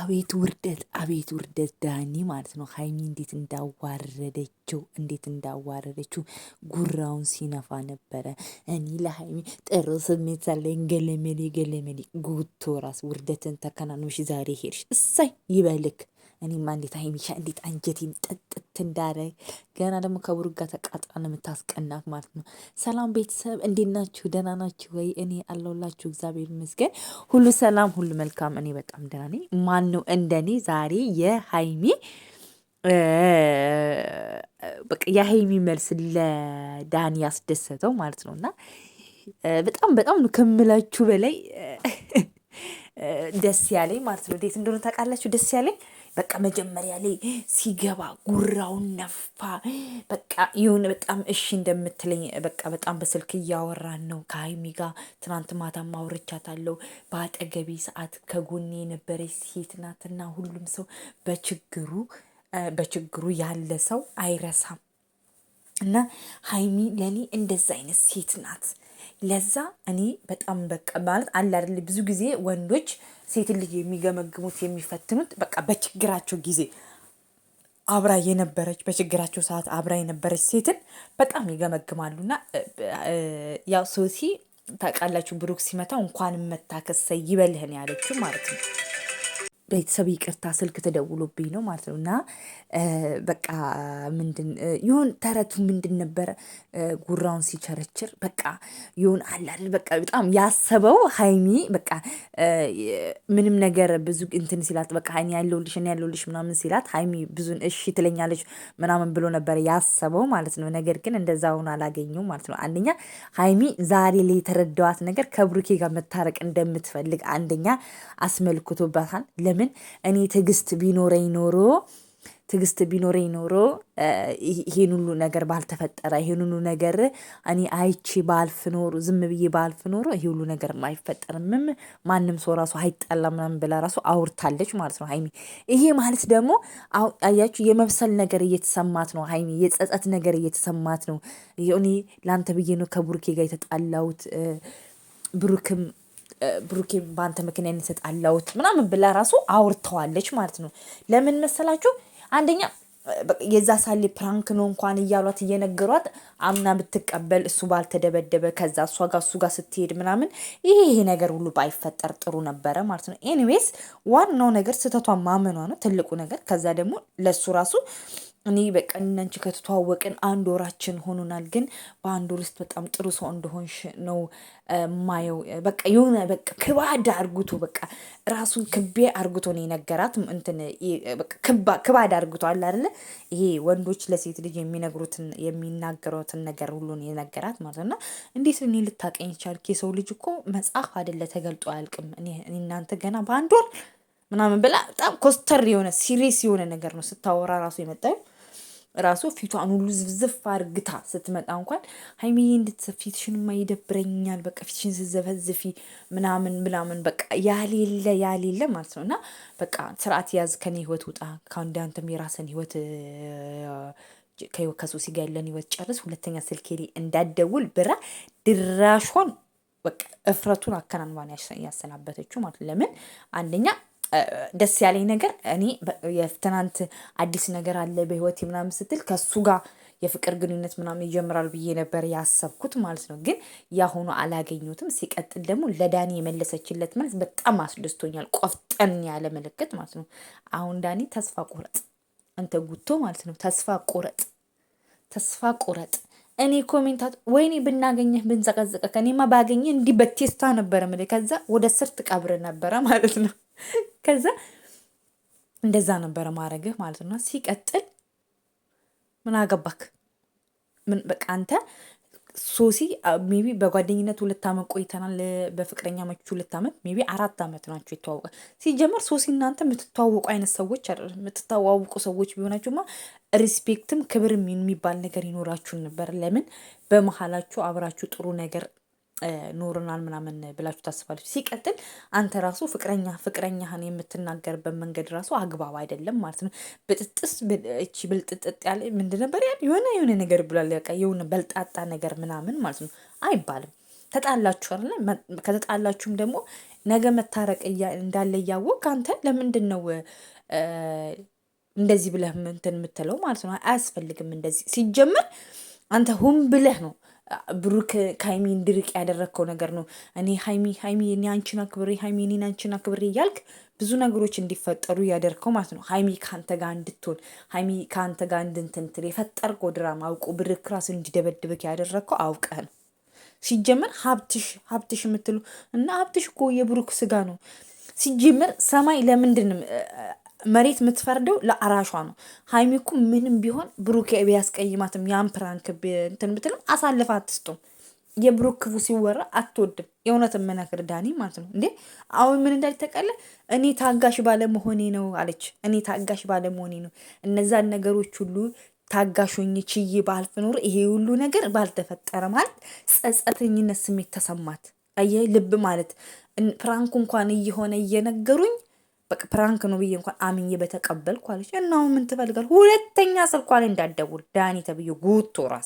አቤት ውርደት፣ አቤት ውርደት ዳኒ ማለት ነው። ሀይሚ እንዴት እንዳዋረደችው፣ እንዴት እንዳዋረደችው ጉራውን ሲነፋ ነበረ። እኔ ለሀይሚ ጥሩ ስሜት ሳለኝ ገለመሌ ገለመሌ ጉቶ ራስ ውርደትን ተከናንሽ ዛሬ ሄድሽ እሳይ ይበልክ እኔማ እንዴት ሀይሚሻ እንዴት አንጀቴን ጠጥት እንዳለ ገና ደግሞ ተቃጥራ ነው የምታስቀናት ማለት ነው። ሰላም ቤተሰብ እንዴት ናችሁ? ደህና ናችሁ ወይ? እኔ አለሁላችሁ እግዚአብሔር ይመስገን፣ ሁሉ ሰላም፣ ሁሉ መልካም። እኔ በጣም ደህና ነኝ። ማን ነው እንደኔ ዛሬ የሀይሚ በቃ የሀይሚ መልስ ለዳኒ ያስደሰተው ማለት ነው እና በጣም በጣም ነው ከምላችሁ በላይ ደስ ያለኝ ማለት ነው። እንዴት እንደሆነ ታውቃላችሁ ደስ ያለኝ በቃ መጀመሪያ ላይ ሲገባ ጉራውን ነፋ። በቃ ይሁን በጣም እሺ እንደምትለኝ በቃ በጣም በስልክ እያወራን ነው ከሀይሚ ጋር ትናንት ማታ ማውርቻታለሁ። በአጠገቤ ሰዓት ከጎኔ የነበረች ሴት ናትና ሁሉም ሰው በችግሩ በችግሩ ያለ ሰው አይረሳም እና ሀይሚ ለእኔ እንደዛ አይነት ሴት ናት። ለዛ እኔ በጣም በቃ ማለት አለ አይደል ብዙ ጊዜ ወንዶች ሴት ልጅ የሚገመግሙት የሚፈትኑት በቃ በችግራቸው ጊዜ አብራ የነበረች በችግራቸው ሰዓት አብራ የነበረች ሴትን በጣም ይገመግማሉና ያው ሶሲ ታውቃላችሁ ብሩክ ሲመታው እንኳን መታከሰ ይበልህን ያለችው ማለት ነው። ቤተሰብ ይቅርታ ስልክ ተደውሎብኝ ነው ማለት ነው። እና በቃ ምንድን ይሁን ተረቱ ምንድን ነበረ? ጉራውን ሲቸረችር በቃ ይሁን አላል በቃ በጣም ያሰበው ሀይሚ በቃ ምንም ነገር ብዙ እንትን ሲላት በቃ እኔ ያለሁልሽ እኔ ያለሁልሽ ምናምን ሲላት ሀይሚ ብዙን እሺ ትለኛለች ምናምን ብሎ ነበረ ያሰበው ማለት ነው። ነገር ግን እንደዛ ሆኖ አላገኘው ማለት ነው። አንደኛ ሀይሚ ዛሬ ላይ የተረዳዋት ነገር ከብሩኬ ጋር መታረቅ እንደምትፈልግ አንደኛ አስመልክቶባታል። ለምን እኔ ትዕግስት ቢኖረኝ ኖሮ ትዕግስት ቢኖረኝ ኖሮ ይሄን ሁሉ ነገር ባልተፈጠረ፣ ይሄን ሁሉ ነገር እኔ አይቼ ባልፍ ኖሮ፣ ዝም ብዬ ባልፍ ኖሮ ይሄ ሁሉ ነገር አይፈጠርምም፣ ማንም ሰው ራሱ አይጣላ ምናምን ብላ ራሱ አውርታለች ማለት ነው ሀይሚ። ይሄ ማለት ደግሞ አያችሁ የመብሰል ነገር እየተሰማት ነው ሀይሚ፣ የጸጸት ነገር እየተሰማት ነው። እኔ ለአንተ ብዬ ነው ከቡርኬ ጋር የተጣላሁት ብሩክም ብሩኬ በአንተ ምክንያት የተጣላሁት ምናምን ብላ ራሱ አውርተዋለች ማለት ነው። ለምን መሰላችሁ? አንደኛ የዛ ሳሌ ፕራንክ ነው እንኳን እያሏት እየነገሯት አምና ብትቀበል እሱ ባልተደበደበ ከዛ እሷ ጋር እሱ ጋር ስትሄድ ምናምን ይሄ ይሄ ነገር ሁሉ ባይፈጠር ጥሩ ነበረ ማለት ነው። ኤኒዌይስ ዋናው ነገር ስህተቷን ማመኗ ነው ትልቁ ነገር። ከዛ ደግሞ ለእሱ ራሱ እኔ በቃ እናንቺ ከተተዋወቅን አንድ ወራችን ሆኖናል፣ ግን በአንድ ወር ውስጥ በጣም ጥሩ ሰው እንደሆንሽ ነው ማየው። በቃ የሆነ በቃ ክባድ አርግቶ በቃ ራሱን ክቤ አርግቶ ነው የነገራት። እንትን ክባድ አርግቶ አለ አይደለ? ይሄ ወንዶች ለሴት ልጅ የሚነግሩትን የሚናገሩትን ነገር ሁሉን የነገራት ማለት ነው። እና እንዴት እኔ ልታቀኝ ቻልክ? የሰው ልጅ እኮ መጽሐፍ አይደለ ተገልጦ አያልቅም። እናንተ ገና በአንድ ወር ምናምን ብላ በጣም ኮስተር የሆነ ሲሪየስ የሆነ ነገር ነው ስታወራ ራሱ የመጣዩ ራሱ ፊቷን ሁሉ ዝፍዝፍ አርግታ ስትመጣ እንኳን ሀይሚዬ እንድትሰፊትሽንማ ይደብረኛል፣ በቃ ፊትሽን ስዘፈዝፊ ምናምን ምናምን በቃ ያሌለ ያሌለ ማለት ነው። እና በቃ ስርዓት ያዝ፣ ከኔ ህይወት ውጣ፣ ከአንዳንተም አንተም የራስን ህይወት ከሶሲ ጋር ያለን ህይወት ጨርስ፣ ሁለተኛ ስልኬ እንዳደውል ብራ ድራሿን በቃ እፍረቱን አከናንባን ያሰናበተችው ማለት ለምን አንደኛ ደስ ያለኝ ነገር እኔ የትናንት አዲስ ነገር አለ በህይወቴ ምናምን ስትል ከሱ ጋር የፍቅር ግንኙነት ምናምን ይጀምራል ብዬ ነበር ያሰብኩት ማለት ነው። ግን ያሁኑ አላገኙትም። ሲቀጥል ደግሞ ለዳኒ የመለሰችለት መልስ በጣም አስደስቶኛል። ቆፍጠን ያለ ምልክት ማለት ነው። አሁን ዳኒ ተስፋ ቁረጥ፣ አንተ ጉቶ ማለት ነው። ተስፋ ቁረጥ፣ ተስፋ ቁረጥ። እኔ ኮሜንታት ወይኔ ብናገኘህ ብንዘቀዘቀ ከኔማ ባገኘ እንዲህ በቴስታ ነበረ ምል ከዛ ወደ ስር ትቀብር ነበረ ማለት ነው። ከዛ እንደዛ ነበረ ማድረግህ ማለት ነው። ሲቀጥል ምን አገባክ? ምን በቃ አንተ ሶሲ ሜቢ በጓደኝነት ሁለት ዓመት ቆይተናል። በፍቅረኛ መች ሁለት ዓመት ሜቢ አራት ዓመት ናቸው የተዋወቀ። ሲጀመር ሶሲ እናንተ የምትተዋወቁ አይነት ሰዎች አይደለም። የምትተዋወቁ ሰዎች ቢሆናችሁማ ሪስፔክትም ክብር የሚባል ነገር ይኖራችሁን ነበር። ለምን በመሀላችሁ አብራችሁ ጥሩ ነገር ኖርናል ምናምን ብላችሁ ታስባለች። ሲቀጥል አንተ ራሱ ፍቅረኛ ፍቅረኛህን የምትናገርበት መንገድ ራሱ አግባብ አይደለም ማለት ነው። ብጥጥስ እቺ ብልጥጥጥ ያለ ምንድን ነበር ያ የሆነ የሆነ ነገር ብሏል። በቃ የሆነ በልጣጣ ነገር ምናምን ማለት ነው አይባልም። ተጣላችሁ አለ ከተጣላችሁም ደግሞ ነገ መታረቅ እንዳለ እያወቅ አንተ ለምንድን ነው እንደዚህ ብለህ እንትን የምትለው ማለት ነው። አያስፈልግም እንደዚህ ሲጀምር አንተ ሁን ብለህ ነው ብሩክ ከሀይሚ እንድርቅ ያደረግከው ነገር ነው። እኔ ሀይሚ ሀይሚ እኔ አንቺን አክብሬ ሀይሚ እኔን አንቺን አክብሬ እያልክ ብዙ ነገሮች እንዲፈጠሩ እያደርከው ማለት ነው። ሀይሚ ከአንተ ጋር እንድትሆን ሀይሚ ከአንተ ጋር እንድንትንትል የፈጠርከው ድራማ አውቁ ብርክ ራስ እንዲደበድብክ ያደረግከው አውቀህ ነው። ሲጀመር ሀብትሽ ሀብትሽ የምትሉ እና ሀብትሽ እኮ የብሩክ ስጋ ነው። ሲጀመር ሰማይ ለምንድንም መሬት የምትፈርደው ለአራሿ ነው። ሀይሚኩ ምንም ቢሆን ብሩክ ቢያስቀይማትም ያን ፕራንክ እንትን ብትልም አሳልፋ አትስጡም። የብሩክ ክፉ ሲወራ አትወድም። የእውነት መናክር ዳኒ ማለት ነው እንዴ! አሁን ምን እንዳለች ታውቃለህ? እኔ ታጋሽ ባለመሆኔ ነው አለች። እኔ ታጋሽ ባለመሆኔ ነው እነዛን ነገሮች ሁሉ ታጋሾኝ ችዬ ባልፍ ኖር ይሄ ሁሉ ነገር ባልተፈጠረ ማለት ጸጸተኝነት ስሜት ተሰማት። አየህ ልብ ማለት ፕራንኩ እንኳን እየሆነ እየነገሩኝ በቃ ፕራንክ ነው ብዬ እንኳን አምኜ በተቀበልኩ አለች። እናው ምን ትፈልጋል? ሁለተኛ ስልኳ ላይ እንዳደውል ዳኒ ተብዬ ጉቶ ራስ